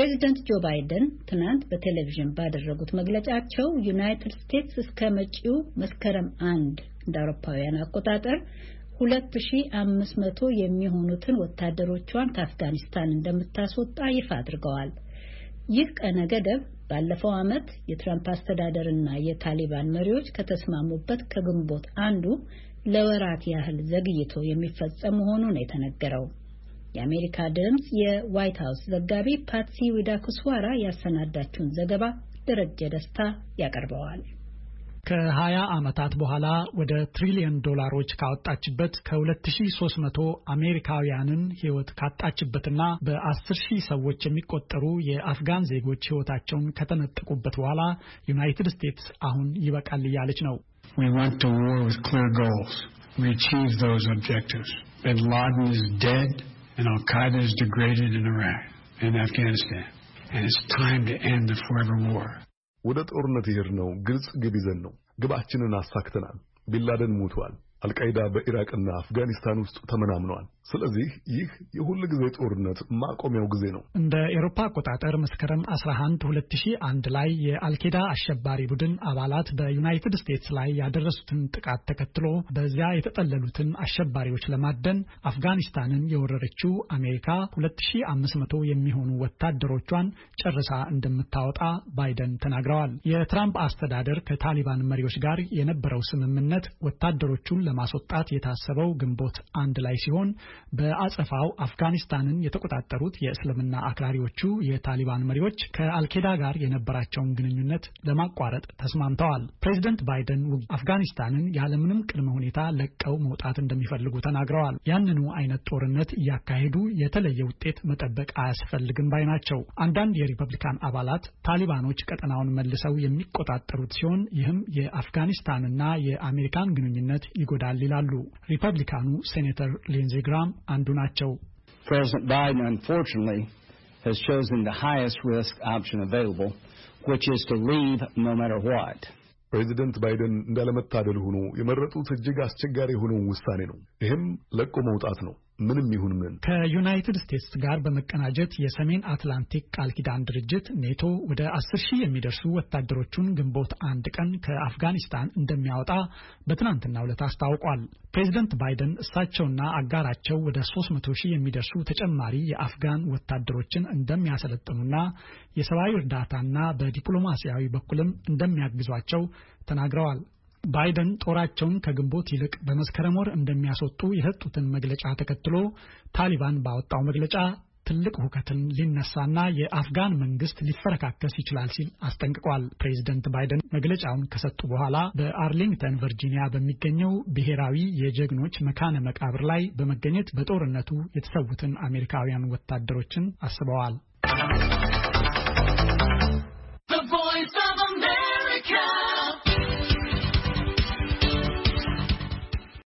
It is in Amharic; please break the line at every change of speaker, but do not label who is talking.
ፕሬዚደንት ጆ ባይደን ትናንት በቴሌቪዥን ባደረጉት መግለጫቸው ዩናይትድ ስቴትስ እስከ መጪው መስከረም አንድ እንደ አውሮፓውያን አቆጣጠር 2500 የሚሆኑትን ወታደሮቿን ከአፍጋኒስታን እንደምታስወጣ ይፋ አድርገዋል። ይህ ቀነ ገደብ ባለፈው ዓመት የትራምፕ አስተዳደርና የታሊባን መሪዎች ከተስማሙበት ከግንቦት አንዱ ለወራት ያህል ዘግይቶ የሚፈጸም መሆኑ ነው የተነገረው። የአሜሪካ ድምፅ የዋይት ሀውስ ዘጋቢ ፓትሲ ዊዳኩስዋራ ያሰናዳችውን ዘገባ ደረጀ ደስታ ያቀርበዋል።
ከ20 ዓመታት በኋላ ወደ ትሪሊየን ዶላሮች ካወጣችበት ከ2300 አሜሪካውያንን ሕይወት ካጣችበትና በ10 ሺህ ሰዎች የሚቆጠሩ የአፍጋን ዜጎች ሕይወታቸውን ከተነጠቁበት በኋላ ዩናይትድ ስቴትስ አሁን ይበቃል እያለች ነው። ቢን ላደን and Al Qaeda is degraded in Iraq and Afghanistan. And it's time to end the forever war. ወደ ጦርነት ግልጽ ግብ ይዘን ነው። ግባችንን አሳክተናል። ቢላደን ሞቷል። አልቃይዳ በኢራቅና አፍጋኒስታን ውስጥ ተመናምኗል። ስለዚህ ይህ የሁል ጊዜ ጦርነት ማቆሚያው ጊዜ ነው። እንደ ኤሮፓ አቆጣጠር መስከረም 11 2001 ላይ የአልኬዳ አሸባሪ ቡድን አባላት በዩናይትድ ስቴትስ ላይ ያደረሱትን ጥቃት ተከትሎ በዚያ የተጠለሉትን አሸባሪዎች ለማደን አፍጋኒስታንን የወረረችው አሜሪካ 2500 የሚሆኑ ወታደሮቿን ጨርሳ እንደምታወጣ ባይደን ተናግረዋል። የትራምፕ አስተዳደር ከታሊባን መሪዎች ጋር የነበረው ስምምነት ወታደሮቹን ለማስወጣት የታሰበው ግንቦት አንድ ላይ ሲሆን በአጸፋው አፍጋኒስታንን የተቆጣጠሩት የእስልምና አክራሪዎቹ የታሊባን መሪዎች ከአልኬዳ ጋር የነበራቸውን ግንኙነት ለማቋረጥ ተስማምተዋል። ፕሬዚደንት ባይደን አፍጋኒስታንን ያለምንም ቅድመ ሁኔታ ለቀው መውጣት እንደሚፈልጉ ተናግረዋል። ያንኑ አይነት ጦርነት እያካሄዱ የተለየ ውጤት መጠበቅ አያስፈልግም ባይ ናቸው። አንዳንድ የሪፐብሊካን አባላት ታሊባኖች ቀጠናውን መልሰው የሚቆጣጠሩት ሲሆን ይህም የአፍጋኒስታንና የአሜሪካን ግንኙነት ይጎ ይጎዳል ይላሉ። ሪፐብሊካኑ ሴኔተር ሊንዚ ግራም አንዱ ናቸው።
President Biden, unfortunately, has
chosen the highest risk option available, which is to leave no matter what. ፕሬዚደንት ባይደን እንዳለመታደል ሆኖ የመረጡት እጅግ አስቸጋሪ የሆነውን ውሳኔ ነው። ይህም ለቆ መውጣት ነው። ምንም ይሁን ምን ከዩናይትድ ስቴትስ ጋር በመቀናጀት የሰሜን አትላንቲክ ቃል ኪዳን ድርጅት ኔቶ ወደ አስር ሺህ የሚደርሱ ወታደሮቹን ግንቦት አንድ ቀን ከአፍጋኒስታን እንደሚያወጣ በትናንትና ዕለት አስታውቋል። ፕሬዚደንት ባይደን እሳቸውና አጋራቸው ወደ 300 ሺህ የሚደርሱ ተጨማሪ የአፍጋን ወታደሮችን እንደሚያሰለጥኑና የሰብአዊ እርዳታና በዲፕሎማሲያዊ በኩልም እንደሚያግዟቸው ተናግረዋል። ባይደን ጦራቸውን ከግንቦት ይልቅ በመስከረም ወር እንደሚያስወጡ የሰጡትን መግለጫ ተከትሎ ታሊባን ባወጣው መግለጫ ትልቅ ሁከትን ሊነሳና የአፍጋን መንግስት ሊፈረካከስ ይችላል ሲል አስጠንቅቋል። ፕሬዚደንት ባይደን መግለጫውን ከሰጡ በኋላ በአርሊንግተን ቨርጂኒያ በሚገኘው ብሔራዊ የጀግኖች መካነ መቃብር ላይ በመገኘት በጦርነቱ የተሰዉትን አሜሪካውያን ወታደሮችን አስበዋል።